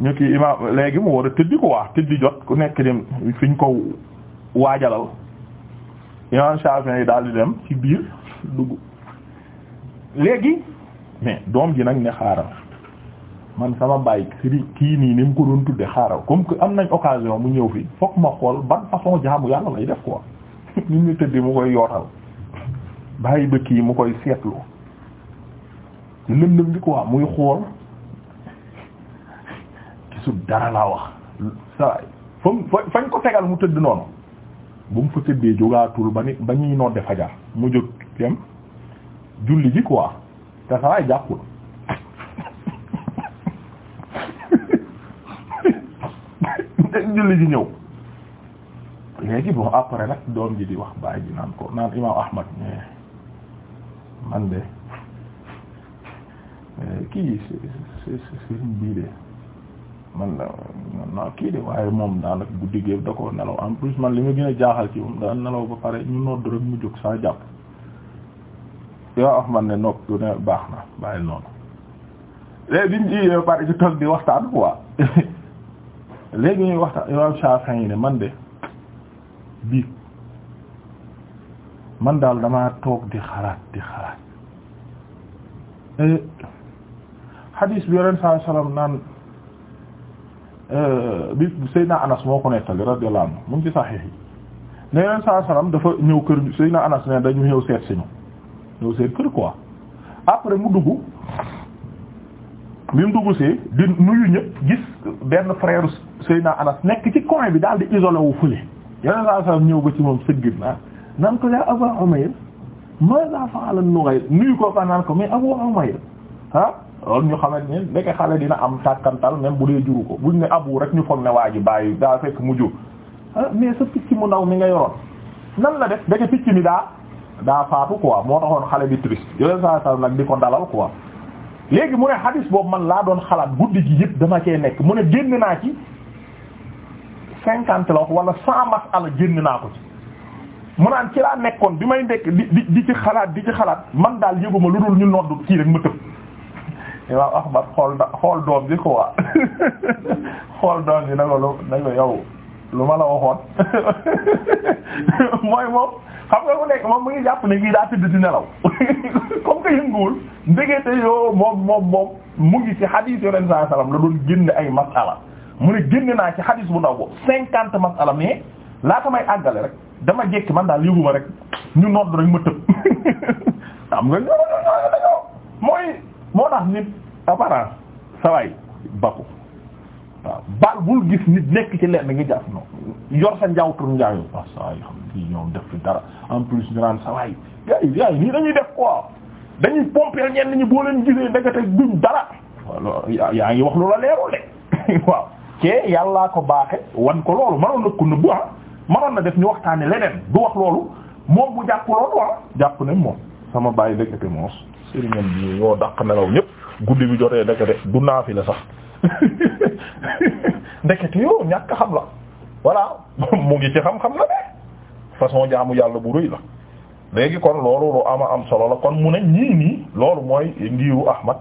ñu kii léegi mu war a tëddi ko waa tëddi jot ku nekk dem fi ñu ko waajalal imaam Shafi'i yi daal di dem ci biir dugg léegi mais doom ji nag ne xaaral man sama baay kii nii ni mu ko doon tudde xaaral comme que am nañ occasion mu ñëw fi fokk ma xool ban façon jaamu yàlla lay def quoi ni ñu tëddi mu koy yootal bàyyi ba yi mu koy seetlu lëndëm bi quoi muy xool su dara laa wax sa famu fañ ko tegal mu tëdd noonu bu mu fa tëddee jógaatul ba ni ba ñuy nodde fajar mu jóg dem julli ji quoi te sawaay jàppul julli ji ñëw léegi bon après nag doom ji di wax bàyyi ji naan ko naan imam ahmad man de kii sëriñ bii de man la man naa kii de waaye moom daanaka guddi gi da koo nelaw en plus man li ma gën a jaaxal ci moom daan nelaw ba pare ñu nodd rek mu jóg saa jàpp yoo wax man ne nopp du ne baax na bàyyi noonu léegi biñ ji ba pare ci toog di waxtaan quoi léegi ñuy waxtaan imam Shafi'i ne man de bii man daal damaa toog di xalaat di xalaat eh, hadis bi yoneen saa salaam naan bi Seydina Anas moo ko nettali radiyallahu anhu mu ngi ci saxiix yi ne yoneen saa salaam dafa ñëw kër Seydina Anas ne dañu ñëw seet si ñu ñëw seen kër quoi après mu dugg bi mu dugg see di nuyu ñëpp gis benn frère Seydina Anas nekk ci coin bi daal di isolé wu fële yoneen saa salaam ñëw ko ci moom sëggit naa nan ko yaa Abu Umayr maa fa'ala an-Nughayr nuyu ko naan ko mais Abu Umayr ah, loolu ñu xamante ne ndeke xale dina am tàkkantal même bu dee juru ko bu ñu ne abu rek ñu foog ne waa ji bàyyi daa fekk mu jur ah mais sa picc mu ndaw mi nga yoroon nan la def ndeke picc mi daa daa faatu quoi moo taxoon xale bi triste yooyu saa saa nag di ko dalal quoi. léegi mu ne hadis boobu man laa doon xalaat guddi gi yëpp dama cee nekk mu ne génn naa ci cinquante la wax wala cent masala génn naa ko ci. mu naan ci laa nekkoon bi may nekk di di di ci xalaat di xalaat man daal yëguma lu dul ñu nodd kii rek imaam Ahmad xool na xool doom bi quoi xool doom bi nag ko lu na ko yow lu ma la waxoon mooy moom xam nga mu nekk moom mu ngi jàpp ne kii daa tëdd di nelaw comme que yënguwul ndegete yoo moom moom moom mu ngi ci xadiis yonent saa salaam la doon génne ay masala mu ne génne naa ci xadiis bu ndaw boobu cinquante masala mais laata may àggale rek dama jekki man daal yëguma rek ñu nodd rek ma tëb xam nga ñoo ñoo ñoo mooy moo tax nit apparence sawaay bakku waaw bal bul gis nit nekk ci lenn ngi jàpp no yor sa njawtur njaayu wa ah sawaay xam kii ñoom def fi dara en plus ñu naan sawaay gas yi nii dañuy def quoi dañuy pomper ñenn ñi boo leen gisee ndekete duñ dara yaa ngi wax lu la leerul de waaw kee yàllaa ko baaxe wan ko loolu manoon na ko bu ah manoon na def ñu waxtaane leneen du wax loolu moom bu jàpp loolu ah jàpp ne moom sama bàyyi dëkk te moos sëriñam bi ñoo nelaw ñëpp guddi bi jotee ndekete du naafi la sax ndekete yoo ñàkk xam la voilà mu ngi ci xam-xam la de façon jaamu yàlla bu rëy la léegi kon loolu lu ama am solo la kon mu ne ñii nii loolu mooy ndiiru Ahmad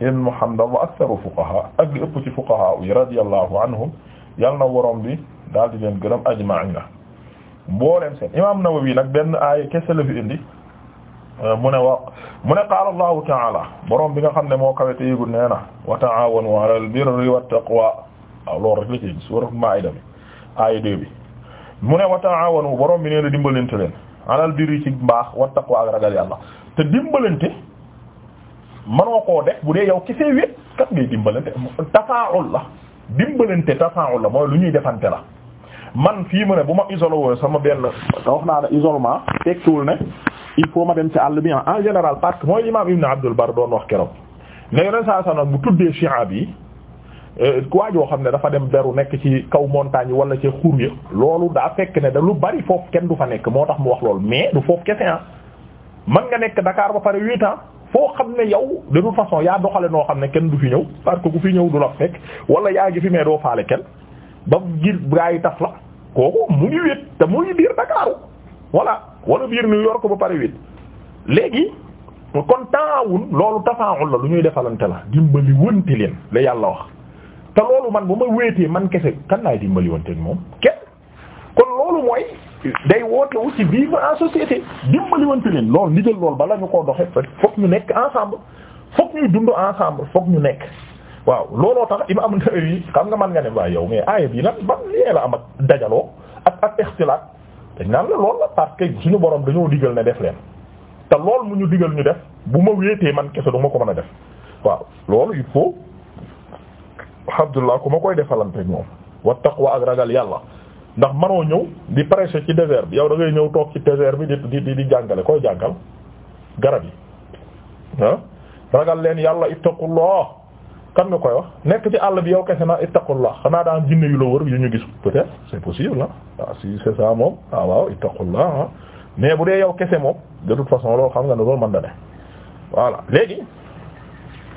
ibn Muhammad wa aktharu fuqaha ak li ëpp ci fuqaha yi radiyallahu anhum yal na worom bi daal di leen gërëm ajma'ina mbooleem seen imam Nawawi nag benn aaya kese la fi indi Euh, mu ne wa mu ne qaala allahu taala borom bi nga xam ne moo kawete yégul nee na wa taawanu ala al birri wa taqwa waaw loolu rek la ci suuratul maa'ida bi aaya deux bi mu ne wa taawanu borom bi nee na leen ala al birri ci mbaax wa taqwa ak ragal yàlla te dimbalante manoo koo def bu dee yow kisee wét kat ngay dimbalante tafaa'ul la dimbalante tafaa'ul la mooy lu ñuy defante la man fii mu ne bu ma isolé woo sama benn te wax naa ne isolement tekkiwul ne il faut ma dem ci àll bi en général parce que mooy imaam Ibn Abdul Bar doon wax keroog ne yeneen saa saa bu tuddee shi'a bi quoi euh, joo xam ne dafa dem beru nekk ci kaw montagne wala ci xur ya loolu daa fekk ne da lu bari foofu kenn du fa nekk moo tax mu wax loolu mais du foofu kese ah mën nga nekk dakaar ba pare huit ans foo xam ne yow de toute façon yaa doxale noo xam ne kenn du fi ñëw parce que ku fi ñëw du la fekk wala yaa ngi fi faale kenn ba ngir gaa yi taf la kooku mu ngi te mu wala biir New York ba pare wit léegi kon taawun loolu tafaawul la lu ñuy defalante la dimbali wënti leen la yàlla wax te loolu man bu ma wéetee man kese kan laay dimbali wënteen moom kenn kon loolu mooy day woote wu ci vivre en société dimbali wënti leen loolu ndigal loolu bala ñu koo doxe fokk ñu nekk ensemble fokk ñuy dund ensemble fokk ñu nekk waaw looloo tax Imaam Nawawi xam nga man nga ne waaye yow mais aaya bi nag ban lee la am ak dajaloo ak ak dañ naan la lool la part que suñu borom dañoo digal ne def leen te lool mu ñu digal ñu def bu ma wéetee man kese du ma ko mën a def waaw loolu il du laa ku ma koy defalante moom wa taqwa ak ragal yàlla ndax manoo ñëw di prêcher ci désert bi yow da ngay ñëw toog ci désert bi di di di jàngale koy jàngal garab yi ah ragal leen yàlla loo kan nga koy wax nekk ci àll bi yow kese na ittaqullah xanaa daan jinne yu la wër yu ñu gis peut-être c'est possible ah waaw ah, si c'est ça moom waaw ah, waaw ittaqullah ah. mais bu dee yow kese moom de toute façon loolu xam nga ne loolu man na ne voilà léegi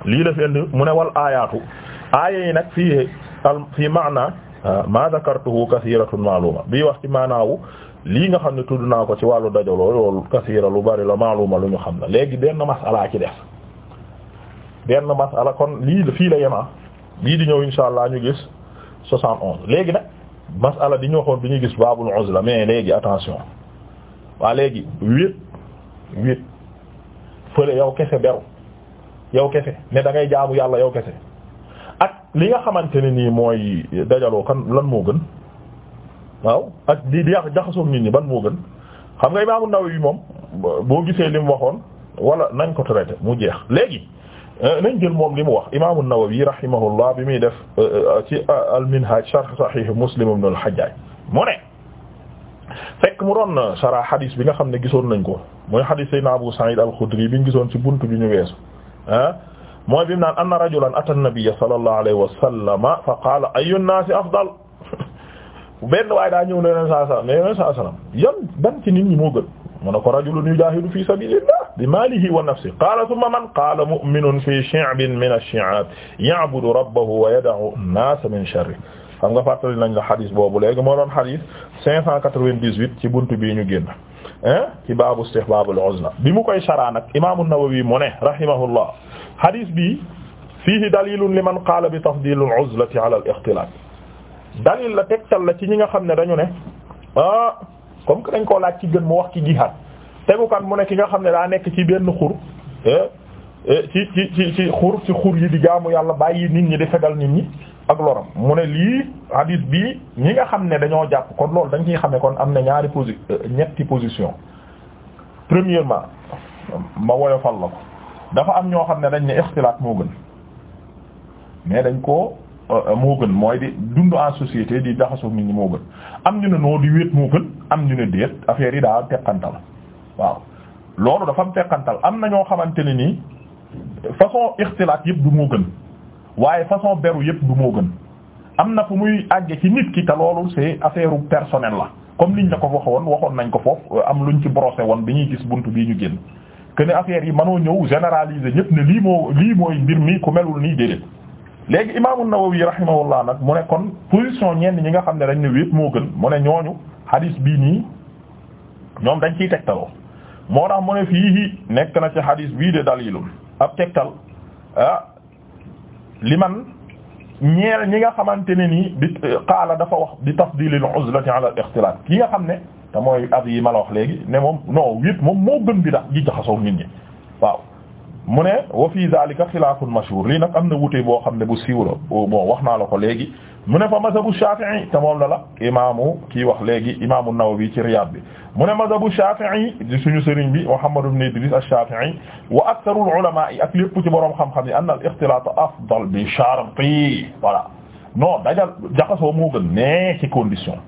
lii la fi mu ne wal aayaatu aaya yi nag fii al fii maana ma zakartuhu kasiratun maaluma bii wax ci maanaawu lii nga xam ne tudd naa ko ci wàllu dajaloo loolu kasira lu bari la maaluma lu ñu xam na léegi benn ci def benn masala kon lii fii la yema ah. lii di ñëw insha allah ñu gis soixante onze léegi nag masala di ñu waxoon bi ñu gis baabul la mais léegi attention waa léegi wéet wéet fële yow kese beru yow kese ne da ngay jaamu yàlla yow kese ak li nga xamante ne nii mooy dajaloo kan lan moo gën waaw ak di di jaxasoo nit ñi ban moo gën xam nga Imaam ndaw yi moom boo gisee li waxoon wala nañ ko traité mu jeex léegi Euh, nañ jël moom li mu wax imaamu Nawawi rahimahullah bi muy def euh, euh, ci al-Minhaj sharh Sahih Muslim ibn al-Hajjaj mu ne fekk mu doon sharh hadis bi nga xam ne gisoon nañ ko mooy hadis Sayyidina Abu Sa'id al-Khudri bi ñu gisoon ci buntu bi ñu weesu ah mooy bi mu naan anna rajulan ata an-nabiyya sallallahu alayhi wa sallama fa qaala ayyu an-naasi afdal benn waay daa ñëw ne Yonent sallallahu alayhi wa sallam mais Yonent sallallahu alayhi wa sallam yan ban ci nit ñi moo mu ne ko rajulun yujahidu fi sabilillah bi malihi wa nafsihi qala thumma man qala mu'minun fi shi'bin min ash-shi'ab ya'budu rabbahu wa yada'u an-nasa min sharri xam nga fàttali nañ la xadis boobu léegi moo doon xadis 598 ci buntu bii ñu génn ci baabu istihbaabul uzla bi mu koy saraa nag imaam an-Nawawi mu ne rahimahullah xadis bi fiihi dalilun liman qaala bi tafdiilil uzlati ala al-ixtilaat dalil la tegtal la ci ñi nga xam ne dañu ne ah comme que dañ koo laaj ci gën mu wax ci jihaad tegukat mu ne ki nga xam ne daa nekk ci benn xur eh, eh, ci ci ci ci xur ci xur yi di jaamu yàlla bàyyi nit ñi di fegal nit ñi ak loram mu ne lii hadith bii ñi nga xam ne dañoo jàpp kon loolu dañ ciy xamee kon am na ñaari posi euh, ñetti position premièrement ma woyofal la ko dafa am ñoo xam ne dañ ne ixtilaat moo gën mais dañ ko Euh, moo gën mooy di dund en société di jaxasoo nit moo gën am ñu ne noo di wéet moo gën am ñu ne déet affaire yi daa am teqantal waaw loolu dafa mu teqantal am na ñoo xamante ne nii façon ixtilaat yëpp du moo gën waaye façon beru yëpp du moo gën am na fu muy àggee ci nit ki te loolu c'est affaire personnel la comme liñ la ko waxoon waxoon nañ ko foofu euh, am luñ ci brossé woon bi ñuy gis bunt bii ñu génn que ne affaire yi manoo ñëw généraliser ñëpp ne lii moo lii mooy mbir mi ku melul nii déedéet léegi imaamu Nawawi rahimahullah nag mu ne kon position ñenn ñi nga xam ne dañ ne wépp moo gën mu ne ñooñu hadis bii nii ñoom dañ ciy tegtaloo moo tax mu ne fii nekk na ci hadis bii de dalilum ab tegtal ah li man ñeel ñi nga xamante ne nii di eh, qaala dafa wax di tafdilil uzlati ala al ixtilaat ki nga xam ne te mooy ab yi ma la wax léegi ne moom non wépp moom moo gën bi dax gi jaxasoo nit ñi waaw mu ne wa fii zalika xilaafun mashhuur lii nag am na wute boo xam ne bu siiw la bon wax naa la ko léegi mu ne fa mazhabu Shaafi'i te moom la la imaamu kii wax léegi imaamu Nawawi ci Riyaad bi mu ne mazhabu Shaafi'i di suñu sëriñ bi Muhammad ibn Idriis ash-Shaafi'i wa aktharul ulamaa yi ak lépp ci boroom xam-xam yi anna al-ixtilaat afdal bi sharti voilà non dajal jaxasoo moo gën nee ci condition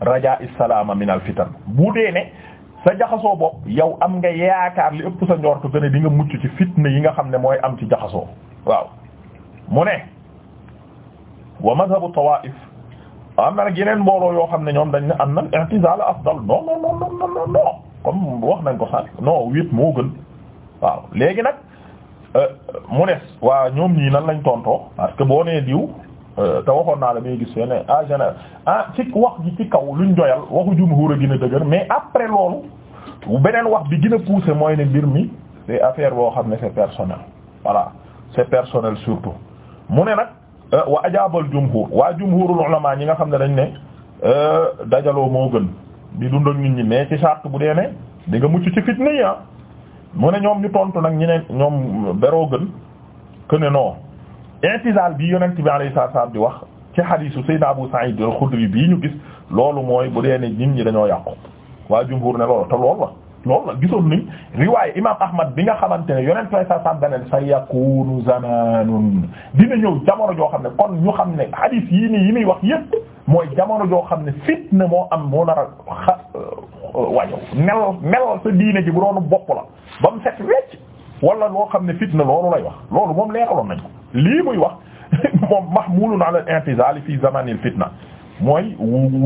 rajaa is-salaama min al-fitan bu dee ne sa jaxasoo bopp yow am nga yaakaar li ëpp sa njortu gën a di nga mucc ci fitna yi nga xam ne mooy am ci jaxasoo waaw mu ne wa madhabu tawaif am na nag yeneen mbooloo yoo xam ne ñoom dañ ne am na i'tizal afdal non non non non non non comme wax nañ ko sànq non wéet moo gën waaw léegi nag euh, mu ne waa ñoom ñii nan lañ tontoo parce que boo nee diw euh, te waxoon naa la may gis fee ne ah général ah, ci wax gi ci kaw luñ joyal waxu jumhuur a gën dëgër mais après loolu beneen wax bi gën a poussé mooy ne mbir mi c'est affaire boo xam ne c'est personnel voilà c'est personnel surtout mu ne nag euh, wa ajaabal jumhur waa jumhurul ulama ñi nga xam ne dañ ne euh, dajaloo moo gën di dund ak nit ñi mais ci sart bu dee ne di nga mucc ci fitna yi ah. mu ne ñoom ñu tontu nag ñu ne ñoom beroo gën que ne non intisal bi yonent bi alayhi salaam di wax ci hadiisu Sayyid Abu Sa'id al-Khudri bii ñu gis loolu mooy bu dee ne nit ñi dañoo yàqu. waa jumhur ne loolu te loolu la loolu la gisoon ni riwaay imaam Ahmad bi nga xamante ne yonent way sa sam daneen sa yakunu dina ñëw jamono joo xam ne kon ñu xam ne hadith yii yi muy wax yépp mooy jamono joo xam ne fitna moo am moo nar a xa euh, wañow mel mel sa diine ji bu doonu bopp ba set wecc wala loo xam ne fitna loolu lay wax loolu moom leeraloon nañ ko lii muy wax moom mahmulun ala al intizal fi zamanil fitna mooy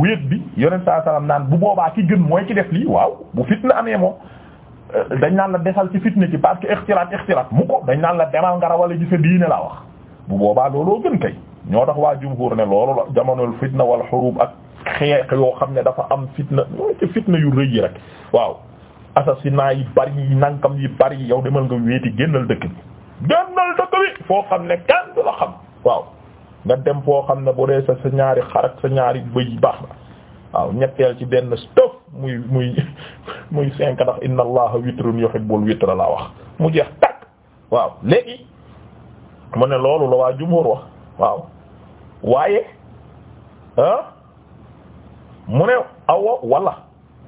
wéet bi yonent saa salaam naan bu boobaa ki gën mooy ki def lii waaw bu fitna amee moom euh, dañ naan la desal ci fitna ci parce que ixtilaat ixtilaat mu ko dañ naan la demal nga rawale ji sa diine laa wax bu boobaa looloo gën kay ñoo tax waa jumhur ne loolu la jamonoy fitna wal xurub ak xeex yoo xam ne dafa am fitna ñoo ci fitna yu rëy yi rek waaw assassinat yi bari yi nankam yi bari yow demal nga wéeti génnal dëkk bi génnal dëkk foo xam ne kenn du xam waaw nga dem foo xam ne bu dee sa sa ñaari xarak sa ñaari bëy baax na waaw ñetteel ci benn stop muy muy muy cinq ndax inna allaha witrun yuhibbul witra la wax mu jeex takk waaw léegi mu ne loolu la waa jumhur wax waaw waaye ah, mu ne awa wala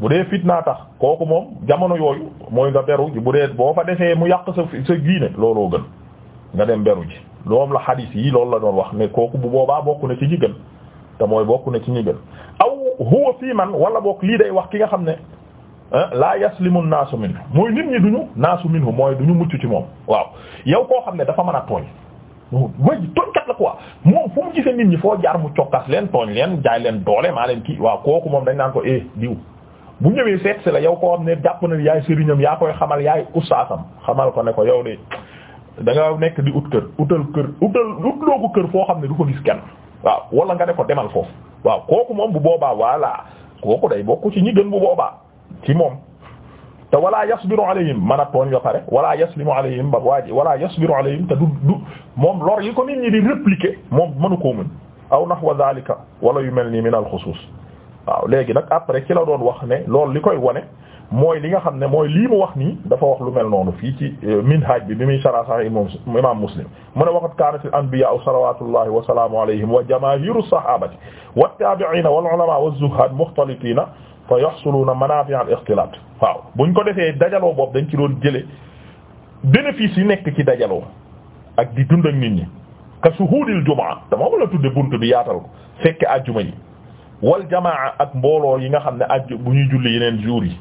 bu dee naa tax kooku moom jamono yooyu mooy nga beru bu dee boo fa defee mu yàq sa sa giine looloo gën nga dem beru ji loolu la xadiis yi loolu la doon wax ne kooku bu boobaa bokku na ci ñi gën te mooy bokk na ci ñi gën aw huwa fii man wala bokk lii day wax ki nga xam ne ah, la yaslimu naasu minhu mooy nit ñi duñu naasu minhu mooy du ñu mucc ci moom waaw yow koo xam ne dafa mën a tooñ mooy tooñkat la quoi moom fu mu gisee nit ñi foo jaar mu cokkas leen tooñ leen jaay leen doole maa leen ki waaw kooku moom dañ naan ko eh diw bu ñëwee seet si la yow koo xam ne jàpp na yaay sëriñam yaa koy xamal yaay ustaasam xamal ko ne ko yow de danga nga nekk di ut kër utal kër utal utloo ko kër foo xam ne du ko gis kenn waaw wala nga ne ko demal foofu waaw kooku moom bu boobaa voilà kooku day bokku ci ñi gën bu boobaa ci moom te wala yasbiru alayhim man a tooñ ba pare wala yaslimu alayhim ba waaji wala yasbiru alayhim te du du moom lor yi ko nit ñi di répliquer moom mënu koo mën aw nahwa zalika wala yu mel nii min al xusuus waaw léegi nag après ki la doon wax ne loolu li koy wone mooy li nga xam ne mooy lii mu wax nii dafa wax lu mel noonu fii ci euh, minhaj bi bi muy sara sahih imam muslim mu ne waqat kaanat al anbiya'u salawatullahi wa salaamu alayhim wa jamaahiru sahabati wattabi'ina wal ulama waz-zuhad mukhtalitina fa yahsuluna manafi' al ikhtilat waaw buñ ko defee dajaloo boobu dañ ci doon jële bénéfice yi nekk ci dajaloo ak di dund ak nit ñi ka shuhudil dama wala tudde bunt bi yaatal ko fekke àjjuma yi wal jamaa ak mbooloo yi nga xam ne ajj bu ñuy julli yeneen jur yi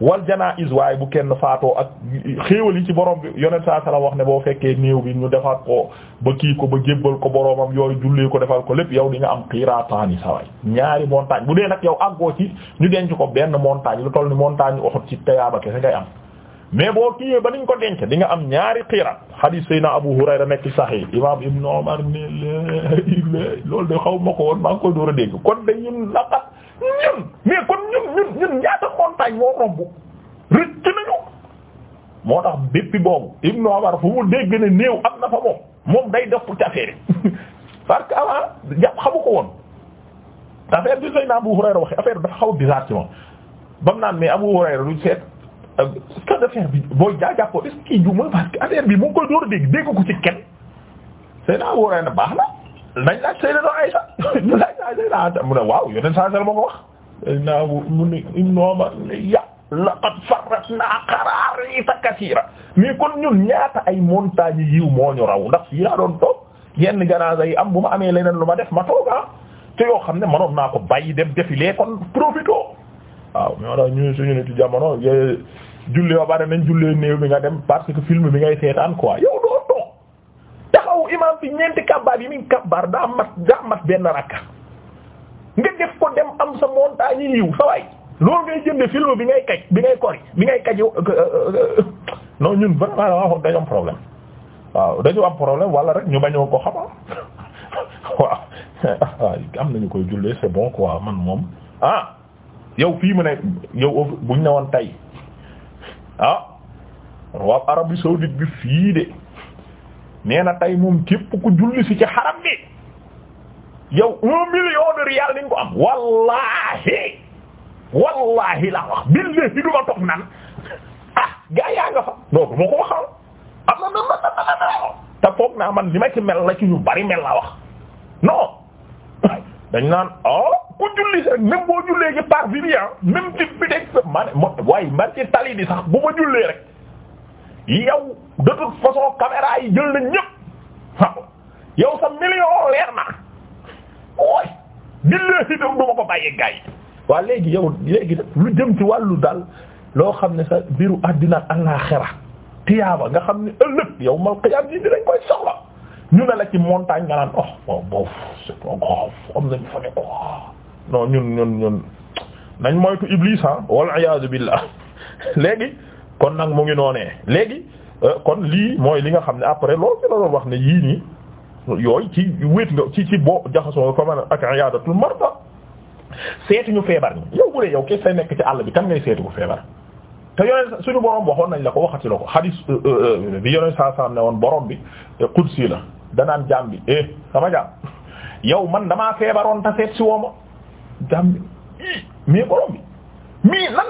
wal janaa'iz waaye bu kenn faatoo ak xéewal yi ci borom bi yonent saa sala wax ne boo fekkee néew bi ñu defal ko ba kii ko ba jébbal ko boromam yooyu jullee ko defal ko lépp yow di nga am xiiraataani sawaay ñaari montagne bu dee nag yow àggoo ci ñu denc ko benn montagne lu toll ni montagne Uhud ci tayaaba kese ngay am mais boo kiiwee ba niñ ko denc di nga am ñaari xiira hadith sayna Abu Hurayra nekk sahih imam Ibn Umar ne loolu de xaw ma ko woon maa ngi koy door a dégg kon de ñun laqat ñun mais kon ñun ñun ñun ñaata montagne moo romb rëcc nañu moo tax béppi boobu Ibn Umar fu mu dégg ne néew am na fa moom moom day def pour affaire yi parce que avant jàpp xamu ko woon affaire bi sayna Abu Hurayra waxe affaire dafa xaw bizarre ci moom bam naan mais Abu Hurayra lu seet cas bi booy jaa jàppoo est-ce que kii bi mu ngi koy door a dégg dégg ko ci kenn Seydina Wuraay na baax na nañ laaj Seydina Aysa ñu laaj laaj Seydina waaw yeneen ne Ibnu Umar ne ya laqad farratnaa qaraarita kasiira mais kon ñun ñaata ay yiw moo ñu raw ndax fii doon toog yenn janaasa yi am bu ma amee leneen lu ma def ma toogaa ah. te yoo xam ne manoon naa ko bàyyi dem défilé kon profito waaw ñoo tax ñu suñu nit jamono julli ba bari nañ jullee néew bi nga dem parce que film bi ngay seetaan quoi yow doo toog taxaw imaam fi ñeenti kabbaar yi muy kabbaar daa mat daa mat benn rakka nga def ko dem am sa montagne yi yiw sa waay loolu ngay jënde film bi ngay kaj bi ngay kori bi ngay kaj euh, euh, non ñun vraiment dañu am problème waaw dañu am problème wala rek ñu bañoo ko xama waaw waaw am nañu koy jullee c'est bon quoi man moom ah yow fii mu ne yow buñ ne woon ah waaw Arabie saoudite bi fii de nee na tey moom képp ku julli si ci xaram bi yow un million de riyal niñ ko am wallahi wallahi laa wax billahi du ma toog nan ah gaa yaa nga fa non du ma ko waxal am na na na na te foog naa man li ma ci mel la ci ñu bari mel laa wax dañ naan ah ku julli sax même boo jullee ci par bi ah même ci sa man waaye man ci tali bi sax bu ma jullee rek yow de toute façon caméra yi jël nañ ñëpp waaw yow sa million leer na ooy billahi dam du ma ko bàyyee gars waa léegi yow léegi lu jëm ci wàllu dal loo xam ne sa biiru àddina ak àllaaxira tiyaaba nga xam ne ëllëg yow mal xiyaam ji dinañ koy soxla ñu ne la ci montagne nga naan oh bon bon c'est trop grave am nañu fa ne ko non ñun ñun ñun nañ moytu Iblis ah wal iyaazu billah léegi kon nag mu ngi noonee léegi euh, kon lii mooy li nga xam ne après loolu ci la doon wax ne yii nii yooyu ci wéet nga ci ci boo jaxasoo ko man ak iyaadatul marda seetu ñu feebar ñi yow bu dee yow kese say nekk ci àll bi kan ngay seetu ko feebar te yoneen suñu borom waxoon nañ la ko waxati la ko xadis euh, euh, bi yoneen saa saa ne woon borom bi qudsi la danaan jaam bi eh, sama jaam yow man damaa feebaroon ta seet si wooma jaam bi mais borom bi mii nan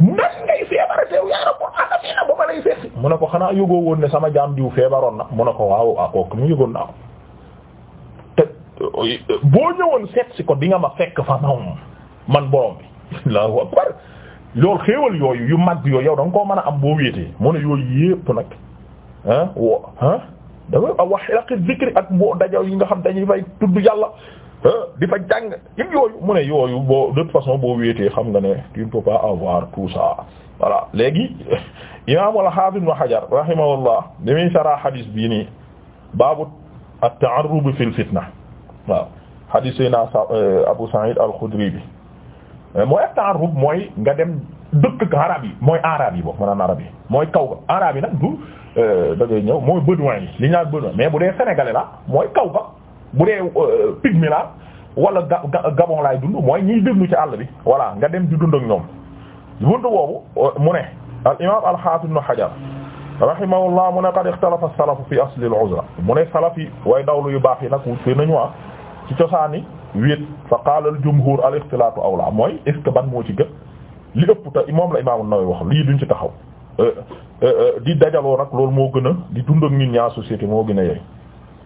nan ngay feebara teew yaa rabbul alamin ba ma lay seet si ko xanaa yógoo ne sama jaam diw feebaroon na mu ne ko waaw waaw ah, mu yógoon naa ko te boo ñëwoon seet si ko di nga ma fekk fa moom man borom bi Allahu akbar loolu xéewal yooyu yu mag yooyu yow da koo mën a am boo wéetee yépp nag ah wo ah dafa am wax xiraqi ak boo dajaw yi nga xam dañuy fay tudd yàlla ah, di fa jàng yëpp yooyu mu ne yooyu boo de façon boo wéetee xam nga ne tu ne pas avoir tout ça voilà léegi imam al-Hafiz Ibn Hajar rahimahullah muy sara hadis bii ni baabu at-ta'arrub fil fitna waaw hadis Seydina Abu Sa'id al-Khudri bi eh, mooy at-ta'arrub mooy nga dem dëkk arab yi mooy arab yi boobu maanaam arab yi mooy kaw ga arab yi nag du euh, da ngay ñëw mooy bédouin yi li ñu naan bédouin mais bu dee sénégalais la mooy kaw ga bu dee euh, pygmée la wala gabon laay dund mooy ñiy déglu ci àll bi voilà nga dem di dund ak ñoom bunt boobu euh, mu ne al imam al hafiz ibn hajar rahimahullah mu ne qad ixtalafa as-salafu fi asli al-uzra mu ne salaf yi way dawlu yu baax yi nag wute nañu ah ci cosaani wéet fa qaala al-jumhur al-ixtilaatu awlaa mooy est ce que ban moo ci gën li ëpp te moom la Imaam An-Nawawi wax lii duñ ci taxaw euh, euh, euh, di dajaloo nag loolu moo gën a di dund ak nit ñaa société moo gën a yey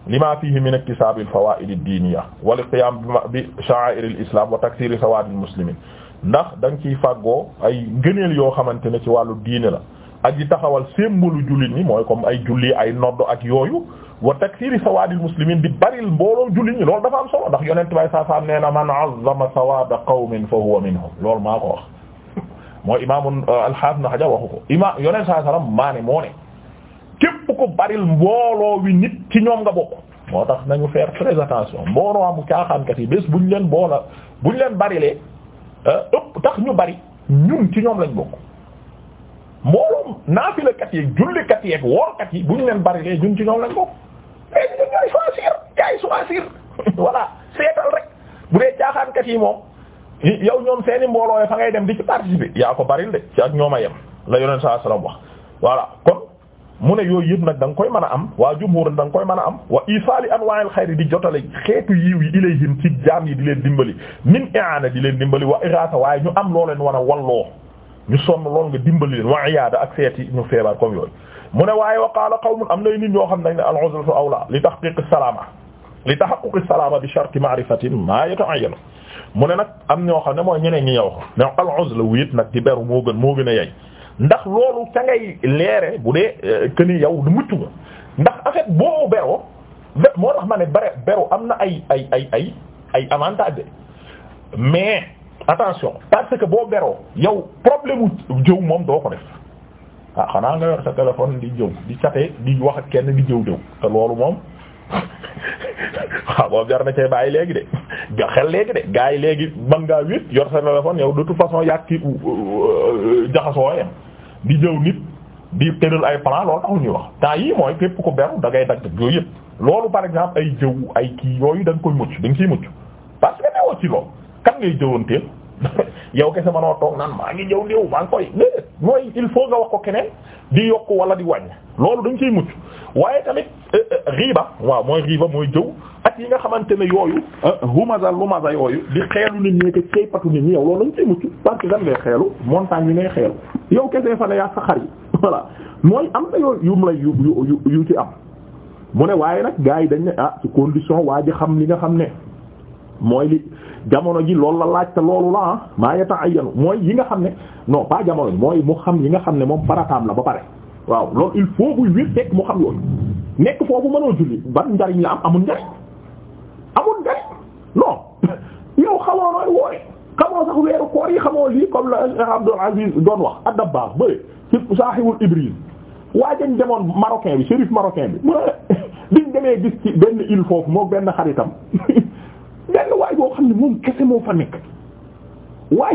lima fihi min iktisab al-fawaid ad-diniya wala qiyam bi sha'air al-islam wa takthir sawad al-muslimin ndax da nga ciy fàggoo ay ngëneel yoo xamante ne ci wàllu diine la ak di taxawal seen sémbalu jullit ñi mooy comme ay julli ay nodd ak yooyu wa takthir sawad al-muslimin di baril mbooloom jullit ñi loolu dafa am solo ndax yonent bay saa saa nee na man 'azzama sawada qawmin fa huwa minhum loolu maa ko wax mooy imaamu euh, alxaafis na xaja waxu ko imaam yoneen saa salaam maa moo ne képp ko baril mbooloo wi nit ci ñoom nga bokk moo tax nañu faire très attention mbooloo am caaxaankat yi bu ñu leen boola buñ leen barilee euh, ëpp tax ñu bari ñun ci ñoom lañ bokk mbooloom naafilakat yi jullikat yi ak woorkat yi buñ leen barilee ñun ci ñoom lañ bokk léegi ñun ñooy choisir gars yi choisir voilà seetal rek bu dee caaxaankat yi moom yow ñoom seeni mbooloo ya fa ngay dem di ci participer yaa ko baril de ci ak ñoom a yem la yoneen saa salaam wax voilà kon mu ne yooyu yëpp nag da nga koy mën a am waa jumhur da nga koy mën a am wa isaali anwa'il xayri di jotale xeetu yiw yi ilayhim ci jaam yi di leen dimbali min aana di leen dimbali wa irasa waaye ñu am loo leen war a walloo ñu sonn lool nga dimbali leen wa iyaada ak seeti ñu feebar comme yooyu mu ne waaye wa qaala qawmun am nay nit yoo xam nañ ne al-uzlatu awla li tahqiq as-salama li tahaqquq as-salama bi shart ma'rifati ma yata'ayyanu mu ne nag am ñoo xam ne mooy ñeneen ñi yow ne al-uzl la wéet nag ci beru moo gën moo gën a yey ndax loolu ca ngay leere bu dee euh, que ni yow du mucc nga ndax en fait boo beroo moo tax ma ne bare beru am na ay ay ay ay ay avantage mais attention parce que boo beroo yow problème u jëw moom doo ko def ah xanaa nga yor sa téléphone di jëw di cate di wax ak kenn di jëw jëw te loolu moom waaw boobu jar na cee bàyyi léegi de jox xel léegi de gars yi léegi mën ngaa wét yor sa téléphone yow de toute façon yàgg ci euh, euh, jaxasoo yam di jëw nit di tëral ay plan loolu taxul ñuy wax temps yii mooy képp ku beru da ngay dagg yooyu yëpp loolu par exemple ay jëw ay kii yooyu da nga koy mucc da nga ciy mucc parce que newoo ci loolu kan ngay jëwanteel yow kese mënoo toog naan maa ngi jëw diw maa ngi koy déedéet nga wax ko keneen di yokk wala di wàññ loolu dañ ciy mucc waaye tamit euh, euh, riiba waaw mooy riiba mooy jëw ak yi nga xamante ne yooyu euh, humaza lumaza yooyu di xeelu nit ñi ko ceypatu nit ñi yow loolu dañ ciy mucc parce que gan ngay xeelu montagne yi ngay xeelu yow kese fa ne yaa sa xar yi voilà mooy am na yooyu yum lay yu yu ci am mu ne waaye nag gars yi dañ ne ah ci condition waa ji xam li nga xam ne mooy li jamono ji loolu la laaj te loolu la ah maa ayanu mooy yi nga xam ne non pas jamono ji mooy mu xam yi nga xam ne moom farataam la ba pare waaw loolu il faut buy wér fekk mu xam yooyu nekk foofu mënoo julli ban njariñ la am amul njariñ amul njariñ yow xamoo nooy woore xamoo sax weeru koor yi xamoo lii comme la Abdul doon wax adda baax bëre ci saaxiwul Ibriz waa jën demoon marocain bi shérif marocain bi diñ demee gis ci benn île foofu moo benn xaritam benn waay boo xam ne moom kese moo fa nekk waa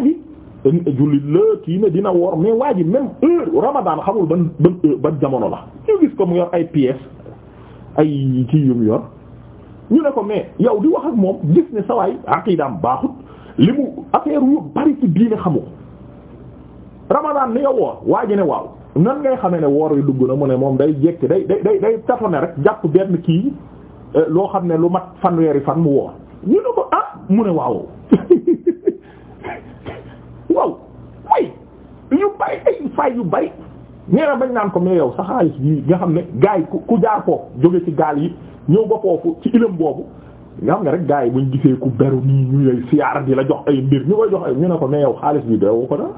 jullit la kii ne dina woor mais waa ji même heure xamul ban ban jamono la ñu gis ko mu yor ay pièces ay kii yu yor ñu ne ko mais yow di wax ak moom gis ne sawaay aqidaam baaxut li mu affaire yu bari ci diine xamu ramadan ni nga woor waa ji ne waaw nan ngay xamee ne woor yu dugg na mu ne moom day jekk day day day day tatoné rek jàpp benn kii eh, loo xam ne lu mat fanweeri fan mu woor ñu ne ko ah mu ne waaw waaw mooy ñu bari yu bari nee na bañ naan ko mais yow sa xaalis bi nga xam ne gaa yi ku jaar foofu jóge ci gaal yi ñëw ba foofu ci ilam boobu nga xam ne rek gaa yi buñ gisee ku beru nii ñu lay siyaar di la jox ay mbir ñu koy jox ñu ne ko mais yow xaalis bi doyoo ko dara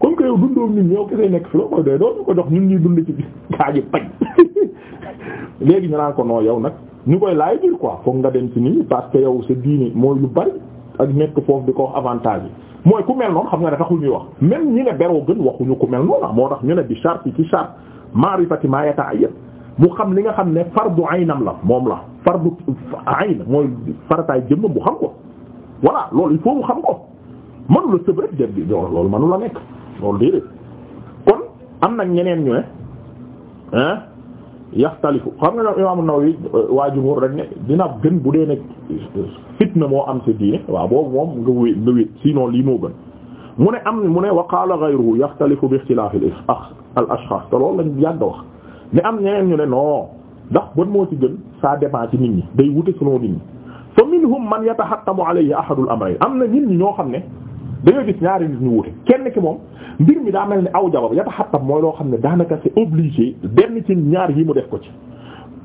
comme que yow dundoom nit ñëw kese nekk fi loo koy doy doo ñu ko jox ñun ñuy dund ci gaa ji paj léegi ñu naan ko noo yow nag. ñu koy laaj biir quoi foog nga dem ci nii parce que yow sa diini mooy lu bari ak nekk foofu di ko wax avantage mooy ku mel noonu xam nga ne taxul ñuy wax même ñi ne beroo gën waxuñu ku mel noonu moo tax ñu ne bi charte ci charte maarifati ma yata'ayyad mu xam li nga xam ne fardu aynam la moom la fardu ayn mooy farataay jëmm bu xam ko voilà loolu il faut mu xam ko mënu la sëb rek jëb bi loolu mënu la nekk loolu déedéet kon am na ñeneen ñu ne ah yaxtalifu xam nga ñoom imaamu Nawawi waa jumhur rek ne dina gën bu dee ne fitna moo am ci diine waaw boobu moom nga wéet nga wéet sinon lii moo gën mu ne am mu ne wa qaala ghayruhu yaxtalifu bi ixtilaafi al ashxaas te loolu lañ yàgg wax ne am ñeneen ñu ne non ndax bët moo ci gën ça dépend ci nit ñi day wute selon nit ñi fa minhum man yatahattamu alayhi ahadul amrayn am na nit ñi ñoo xam ne da nga gis ñaari nit ñu wuute kenn ki moom mbir mi daa mel ni aw jabab ya xattab mooy loo xam ne daanaka c'est obligé benn ci ñaar yi mu def ko ci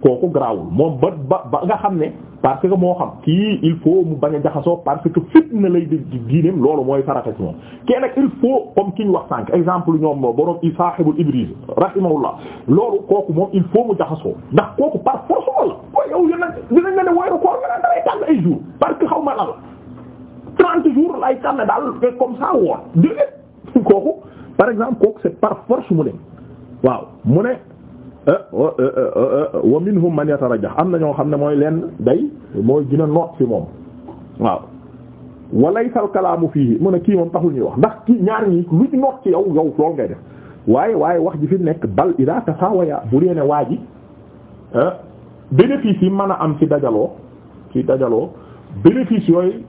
kooku garaawul moom ba ba ba nga xam ne parce que moo xam kii il faut mu bañ a jaxasoo parce que fitna lay di diineem loolu mooy farata moom kenn nag il faut comme ki ñu wax sànq exemple ñoom borom i sahibul ibris rahimahullah loolu kooku moom il faut mu jaxasoo ndax kooku par force wala ko yow yona dinañ nga ay xaw ma la 30 jours lay tànn daal comme ça woon déedéet kooku par exemple kooku c'est par force mu ne waaw mu ne euh, euh, euh, wa minhum man yatarajjah am na ñoo xam ne mooy leen day mooy gën a noot fi moom waaw walaysal kalaamu fii mu ne kii moom taxul ñuy wax ndax kii ñaar ñi lu ci noot ci yow yow loolu ngay def waaye waaye wax ji fi nekk bal ida ya bu dee waa ji bénéfice yi mën a am ci dajaloo ci dajaloo bénéfice yooy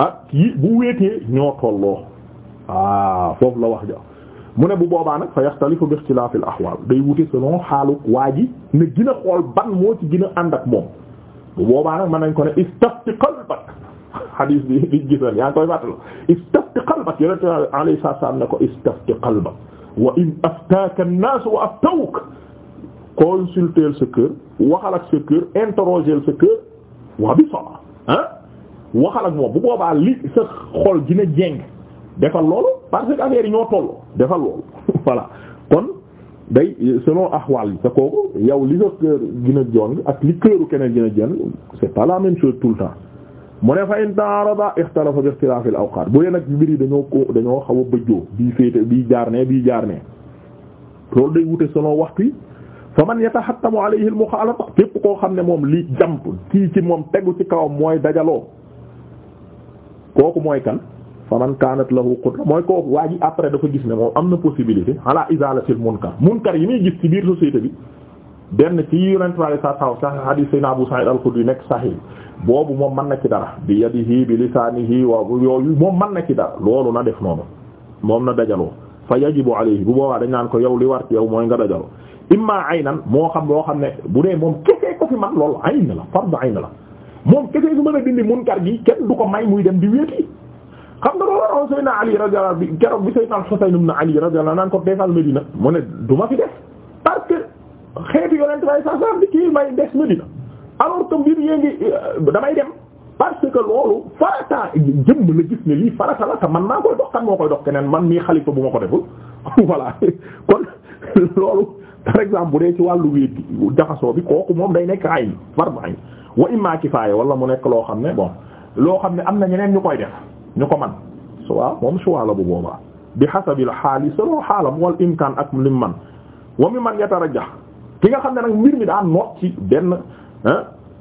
ak yi bu wéetee ñoo tolloo ah foofu la wax ja mu ne bu boobaa nag fa yaxtalifu bi ixtilaafi al ahwaal day wute selon xaalu waa ji ne gën xool ban moo ci gën a ànd ak moom bu boobaa nag nañ ko ne istafti qalbak xadiis bi liñ gisan yaa ngi koy fàttala istafti qalbak yonente alayhi salaam ne ko istafti qalbak wa in aftaaka an-naas wa aftawka consulter sa cœur waxal sa cœur interroger sa cœur wa ah waxal ak moom bu boobaa li sa xol dina jeng defal loolu parce que affaire yi ñoo toll defal loolu voilà kon day selon axwaal yi sa kooku yow li sa kër gina jong ak li këru keneen gina jeng c'est pas la même tout le temps mu ne fa in ta'arada ixtalafa bi ixtilaafi al awqaat bu dee nag mbir yi dañoo ko dañoo xaw a bëjjoo bii féete bii jaar ne bii jaar ne loolu day wute selon waxtu yi fa man yatahattamu alayhi al muxaalafa képp koo xam ne moom li jàmp kii ci moom tegu ci kawam mooy dajaloo kooku mooy kan fa man kanat lahu qudra mooy kooku waa ji après dafa gis ne moom am na possibilité ala izalatil munkar munkar yi muy gis ci biir société bi benn ci yonent bi alayhi salaatu wa salaam hadith sayna Abu Sa'id al-Khudri nekk sahih boobu moom mën na ci dara bi yadihi bi lisaanihi wa yooyu moom man na ci dara loolu na def noonu moom na dajaloo fa yajibu alayhi bu boobaa dañ naan ko yow li war yow mooy nga dajaloo imma aynan moo xam loo xam ne bu dee moom kese ko fi man loolu ayn la la moom kese su mën a dindi munkar gi kenn du ko may muy dem di wéeti xam nga loolu waroon Seydina Ali radiyallahu bi keroog bi Seydina Al-Husayn ibn Ali radiyallahu naan ko defal Medina mu ne du ma fi def parce que xeetu yonent may sa sam bi kii may des Medina alors que mbir yée ngi euh, damay dem parce que loolu farata jëmm la gis ne lii farata la te man maa koy dox kan moo koy dox keneen man mii xalifa bu ma ko deful voilà kon loolu par exemple bu dee ci wàllu wéet jaxasoo bi kooku moom day nekk ay farba wa imma kifaaya wala mu nekk loo xam ne bon loo xam ne am na ñeneen ñu koy def ñu ko man suwa moom suwa la bu boobaa bi hasabil xaali selon xaalam wal imkaan ak lim man wa mi man yatarajjah ki nga xam ne nag mbir mi daan noot ci benn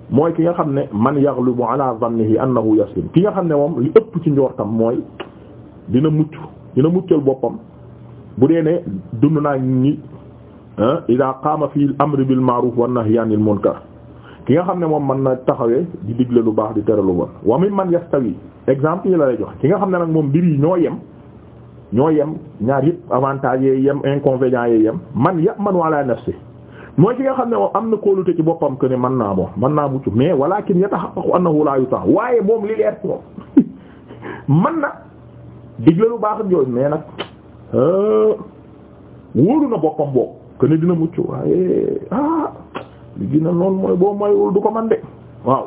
mooy ki nga xam ne man yaghlubu ala dhannihi annahu yaslim ki nga xam ne moom li ëpp ci njoortam mooy dina mucc dina muccal boppam bu dee ne dund naa ñi ida qaama fi al amri bil ma'ruf wan nahyi anil munkar ki nga xam ne moom mën na taxawee di digle lu baax di tere lu bon wa mi man yastawi exemple yi la lay jox ki nga xam ne nag moom mbir ñoo yem ñoo yem ñaar yëpp avantage yee yem inconvénients yee yem man ya'manu ala nafsi mooy ki nga xam ne moom am na kóolute ci boppam que ne mën naa bon mën naa mucc mais walakin yatahaqqaqu annahu la yuta waaye moom li leer moom man na digle lu baax ak yooyu mais nag euh, wóolu na boppam boobu que ne dina mucc ah, li gina noonu mooy boo maywul du ko man de waaw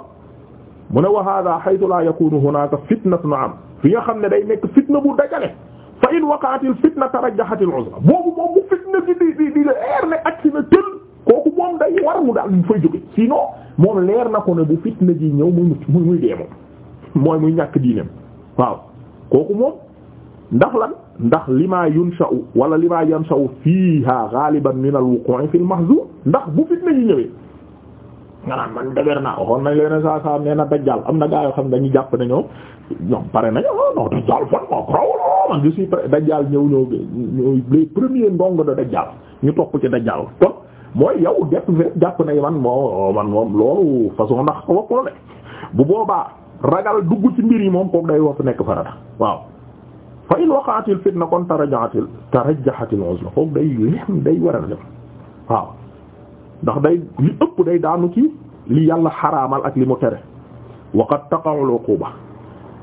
mu ne wa hada haytu la yakunu hunaka fitnatun am fi nga xam ne day nekk fitna bu dajale fa in waqa'atil fitna tarajjahatil uzra boobu moom bu fitna di leer ne agsi na tël kooku moom day war mu daal mu fay jóge sinon moom leer na ko ne bu fitna ji ñëw muy mucc muy muy dee moom mooy muy ñàkk diineem waaw kooku moom ndax ndax lima yunsha'u wala lima yansha'u fiha ghaliban min al-wuqu'i fil mahzun ndax bu fitna yi ñëwee nga naan man dëgër naa nañ leen saa saa nee na dajjal am na gaa yoo xam dañuy jàpp ne ñoom pare nañu ah non dajjal fan moo ñëw ñëw ñëw les premiers ndongo de dajjal ñu topp ci dajjal kon mooy yow def jàpp nañ man moo man moom loolu façon ndax ko bopp bu boobaa ragal dugg ci mbir yi moom kooku day wax nekk farata waaw. fa in waqa'atil fitna kon tarajjahatil tarajjahatil uzla foofu day léem day waral dem waaw ndax day li ëpp day daanu ci li yàlla xaraamal ak li mu tere wa qad taqa'u al-uquba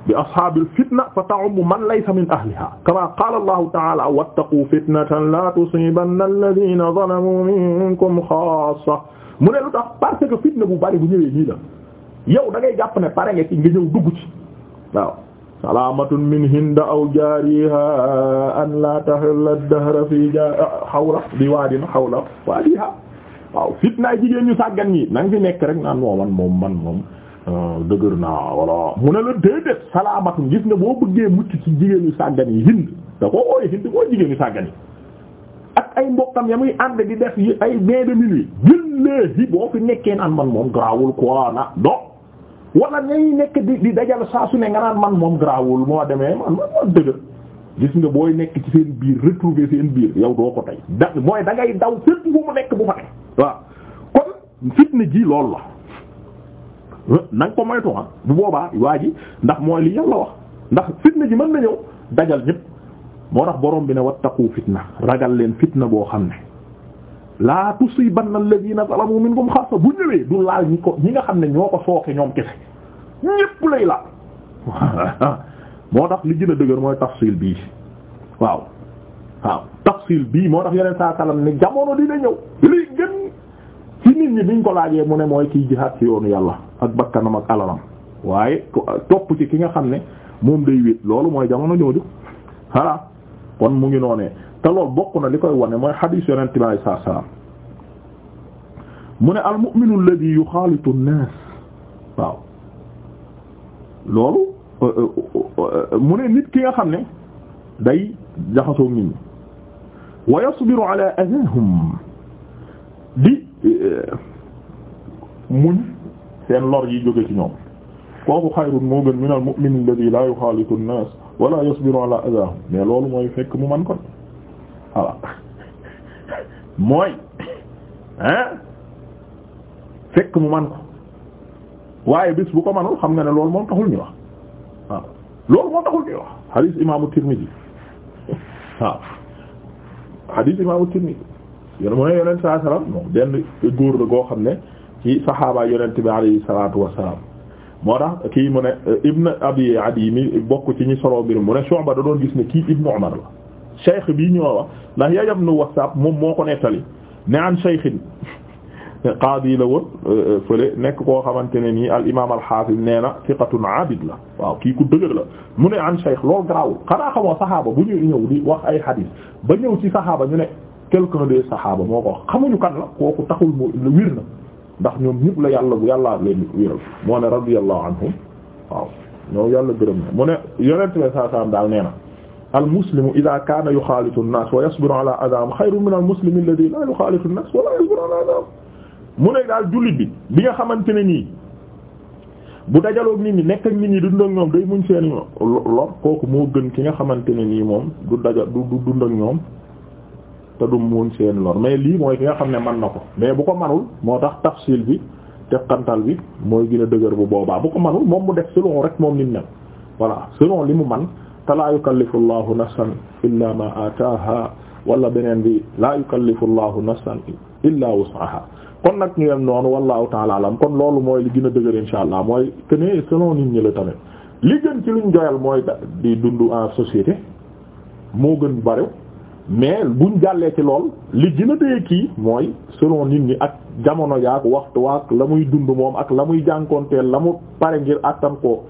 bi ashaabil fitna fa ta'ummu man laysa min ahliha kama qaala allahu ta'ala wattaqu fitnatan la tusibanna alladhina zalamu minkum xaassa mu ne lu tax parce que fitna bu bari bu ñëwee nii la yow da ngay jàpp ne pare nga ci nga ñëw dugg ci waaw salaamatun min hinda aw jaariha an la tahilla dahra fii ja xawla di waadin xawla waadiha waaw fitnaay jigéen ñu sàggan ñi na nga fi nekk rek naan moo man moom man moom euh, dëgër naa walla mu ne la déedéet salaamatun gis nga boo bëggee mucc ci jigéen ñu sàggan yi hind da koo ooye hind mooy jigéen ñu sàggan yi ak ay mbokkam ya muy ànd di def ay bain de minuit gën léegi nekkee naan man moom garaawul quoi na do wala ngay nekk di di dajal saa su ne nga naan man moom garaawul moo demee man man dëgër gis nga booy nekk ci seen biir retrouver seen biir yow doo ko tey da mooy da ngay daw fépp bu mu nekk bu fa ne waaw kon fitna ji lool la na ko moytu ah bu boobaa waa ji ndax mooy li yàlla wax ndax fitna ji mën na ñëw dajal ñëpp moo tax borom bi ne wat wattaqu fitna ragal leen fitna boo xam ne laa tusibanna alladhina zalamu minkum xassa bu ñëwee du laal ñi ko ñi nga xam ne ñoo ko sooke ñoom kese ñépp lay laal moo tax li gën a dëgër mooy tafsil bii waaw waaw tafsil bii moo tax yeneen saa salaam ne jamono dina ñëw li gën ci nit ñi biñ ko laajee mu ne mooy kiy jihaad ci yoonu yàlla ak bakkanam ak alalam waaye topp ci ki nga xam ne moom day wéet loolu mooy jamono jooju voilà kon mu ngi noonee te loolu bokk na li koy wane mooy xadiis yonent bi alayhi salaatu salaam mu ne al mu'minu alladhi yuxaalitu an-naas waaw loolu euh, euh, euh, mu ne nit ki nga xam ne day jaxasoo nit ñi wa yasbiru ala adahum di muñ seen lor yi jóge ci ñoom kooku xayrun moo gën min al mu'min alladhi la yuxaalitu an-naas wala yasbiru ala adahum mais loolu mooy fekk mu man kon voilà mooy hein fekk mu man ko waaye bis bu ko manul xam nga ne loolu moom taxul ñu wax waaw loolu moom taxul ñu wax hadith imaamu Tirmidhi waaw hadith imaamu Tirmidhi mu ne yonent saa salaam moom benn góor la goo xam ne ci saxaaba yonent bi alayhi salaatu wassalaam moo tax kii mu ne Ibn Abi Adi mi bokk ci ñu solo mbir mu ne Shu'ba da doon gis ne kii Ibn Umar la. cheikh bii ñoo wax ndax Yahya ibn Wassaab moom moo ko nettali ne an cheikhin qaadi la woon euh, euh, fële nekk koo xamante ne nii al imaam al haafiz nee na thiqatun aabid la waaw kii ku dëgër la mu ne an cheikh loolu garaawul xanaa xamoo saxaaba bu ñuy ñëw di wax ay xadiis ba ñëw ci saxaaba ñu ne quelqu'un des saxaaba moo ko wax xamuñu kan la kooku taxul moo wir na ndax ñoom ñëpp la yàlla bu yàllaa leen wiral moo ne radiyallahu anhum waaw ñoom yàlla gërëm na mu ne yonent bi sallallahu alayhi wasallam daal nee na al muslimu idaa kaana yuxaalitu nnaas wa yasbiru ala adaahum xayrun min al muslimi alladii laa yuxaalitu nnaas wa laa yasbiru ala adaahum mu ne daal jullit bi bi nga xamante ne nii bu dajaloog nit ñi nekk ak nit ñi dund ak ñoom day muñ seen lor kooku moo gën ki nga xamante ne nii moom du daja du du dund ak ñoom te du muñ seen lor mais lii mooy ki nga xam ne mën na ko mais bu ko manul moo tax tafsil bi teqantal bi mooy gën a dëgër bu boobaa bu ko manul moom mu def selon rek moom ni mu mel voilà selon li mu man te laa yukallifu allahu nafsan illa ma ataaha wala beneen bi laa yukallifu allahu nafsan illa wus'aha kon nag ñu yem noonu wallahu taala alam kon loolu mooy li gën a dëgër insha allah mooy que ne selon nit ñi la tamit li gën ci luñ doyal mooy di dund en société moo gën bariw mais buñ jàllee ci lool li gën dëye kii mooy selon nit ñi ak jamono yaak waxtu waak la muy dund moom ak la muy jànkoonteel la mu pare ngir attan ko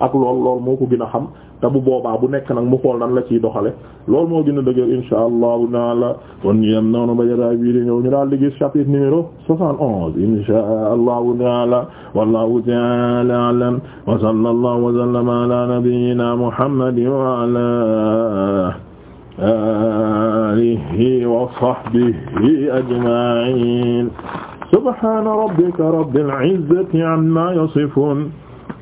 ak lool lool moo ko gën a xam te bu boobaa bu nekk nag mu xool nan la ciy doxale loolu moo gën a dëgër insha allahu taala kon ñu yem noonu ba jotaay bii di ñëw ñu daal di gis chapitre numéro soixante onze insha allahu taala wallahu taala alam wa sallallahu wa sallama ala nabiyyina muhammadin wa ala alihi wa sahbihi ajma'in subhana rabbika rabbil izzati amma yasifun